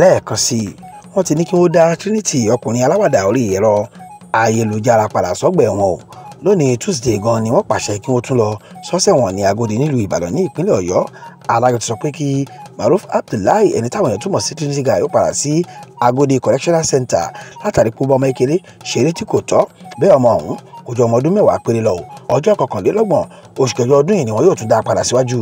lẹ́ẹ̀kan sí i wọ́n ti ní kí wọ́n dá Trinity ọkùnrin aláwàdà orí ẹ̀rọ ayélujára padà sọ́gbà ẹ̀wọ̀n o lónìí Tuesday gan ni wọ́n pàṣẹ kí wọ́n tún lọ sọ́sẹ̀wọ̀n ní Agodi nílùú Ìbàdàn ní ìpínlẹ̀ Ọ̀yọ́ alájọ ti sọ pé kí Maruf Abdullahi ẹni táwọn èèyàn túmọ̀ sí Trinity guy ó padà sí Agodi Correctional Center látàrí pé ó bá ọmọ kékeré ṣeré tí kò tọ́ bẹ́ẹ̀ ọmọ ọ̀hún kò ju ọmọ ọdún mẹ́wàá péré lọ o ọjọ́ kọkànlélọ́gbọ̀n oṣù kẹjọ ọdún yìí ni wọn yóò tún dá a padà síwájú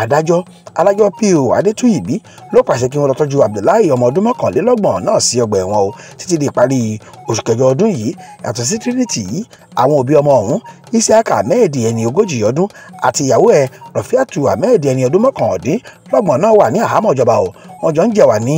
adájọ́ alájọ́ P.O. Adétúyìbí ló pàṣẹ kí wọn lọ tọ́jú Abdullahi ọmọ ọdún mọ́kànlélọ́gbọ̀n náà sí ọgbà ẹ̀wọ̀n o títí di ìparí oṣù kẹjọ ọdún yìí yàtọ̀ sí trinity yìí àwọn òbí ọmọ ọ̀hún Isiaka Ahmed ẹni ogójì ọdún àti ìyàwó ẹ̀ Rafiatu Ahmed ẹni ọdún mọ́kàndínlọ́gbọ̀n náà wà ní àhámọ́ ìjọba o wọn jọ ń jẹ̀wà ní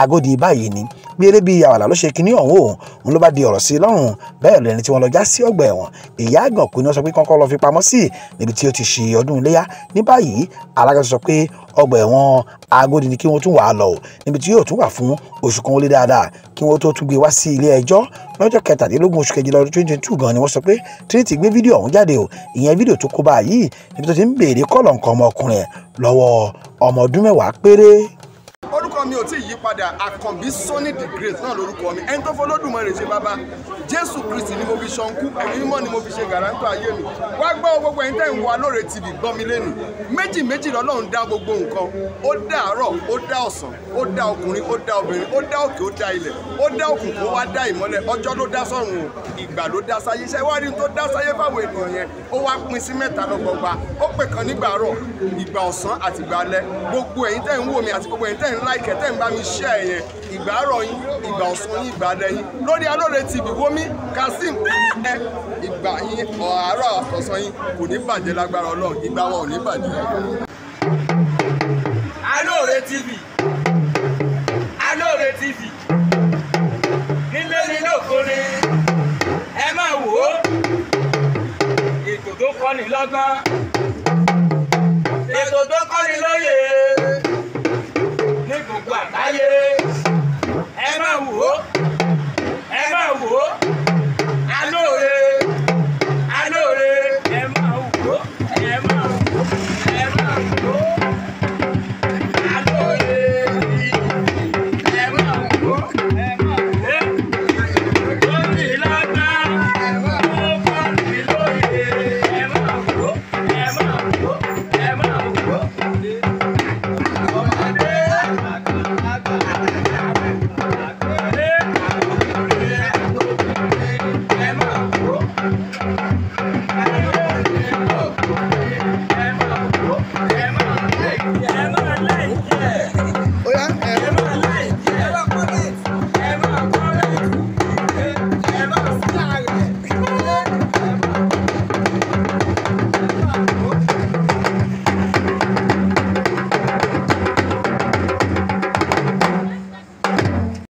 Agodi báyìí ni bí eré bíi àwàlà ló ṣe kinní ọ̀hún òun òun ló bá di ọ̀rọ̀ sí i lọ́rùn bẹ́ẹ̀ lẹ́ni tí wọ́n lọ já sí ọgbà ẹ̀wọ̀n ìyá àgànkù ni wọ́n sọ pé kọ́kọ́ lọ fi pamọ́ sí níbi tí ó ti ṣe ọdún iléyà ní báyìí alága sọ pé ọgbà ẹ̀wọ̀n Agodi ni kí wọ́n tún wàá lọ o níbi tí yóò tún wà fún oṣù kan ó lé dáadáa kí wọ́n tó tún gbé wá sí ilé ẹjọ́ lọ́jọ́ kẹtàdínlógún oṣù kejìlá ọdún twenty two gan ni wọ́n sọ pé Trinity gbé fídíò ọ̀hún jáde o ìyẹn fídíò tó kó báyìí níbi tó ti ń béèrè kọ́lọ̀ nǹkan ọmọkùnrin lọ́wọ́ ọmọ ọdún mẹ́wàá péré orúkọ mi ò tí ì yí padà àkànbí sóní the great náà lórúkọ mi ẹni tó fọlọ́dùmarè ṣe bàbá jésù kristi ni fi ṣọ̀nkú èmi mọ̀ ni mo fi ṣe gàrántò ayé mi wá gbọ́ gbogbo ẹ̀yin tẹ́ ń wa Alore TV gbọ́ mi lẹ́nu méjì méjì lọ́lọ́run dá gbogbo nǹkan ó dá àárọ̀ ó dá ọ̀sán ó dá ọkùnrin ó dá obìnrin ó dá òkè ó dá ilẹ̀ ó dá òkùnkùn ó wá dá ìmọ́lẹ̀ ọjọ́ ló dá sọ́run ìgbà ló dá sáyé iṣẹ́ wá rí tó dá sáyé fáwọn ènìyàn yẹn ó wá pín sí mẹ́ta lọ́gbọ̀gba ó pè kan nígbà àárọ̀ ìgbà ọ̀sán àti ìgbà alẹ́ gbogbo ẹ̀yin tẹ́ ń wò mí àti gbogbo ẹ̀yin tẹ́ ń láìkẹ́ tẹ́ ń bá mi ṣẹ́ ẹ̀yẹn ìgbà àárọ̀ yín ìgbà ọ̀sán yín ìgbà alẹ́ yín lórí Alore TV wò mí Kazeem ìgbà yín ọ̀hárọ̀ ọ̀sán yín kò ní bàjẹ́ lágbára ọlọ́run ìgbà wọn ò ní bàjẹ́. Alóore TV Alóore TV nílé nílé òkúni ẹ máa wò ó ètò tó kọ́ni lọ́gbọ́n ètò tó kọ́ni lóye ní gbogbo àgbáyé.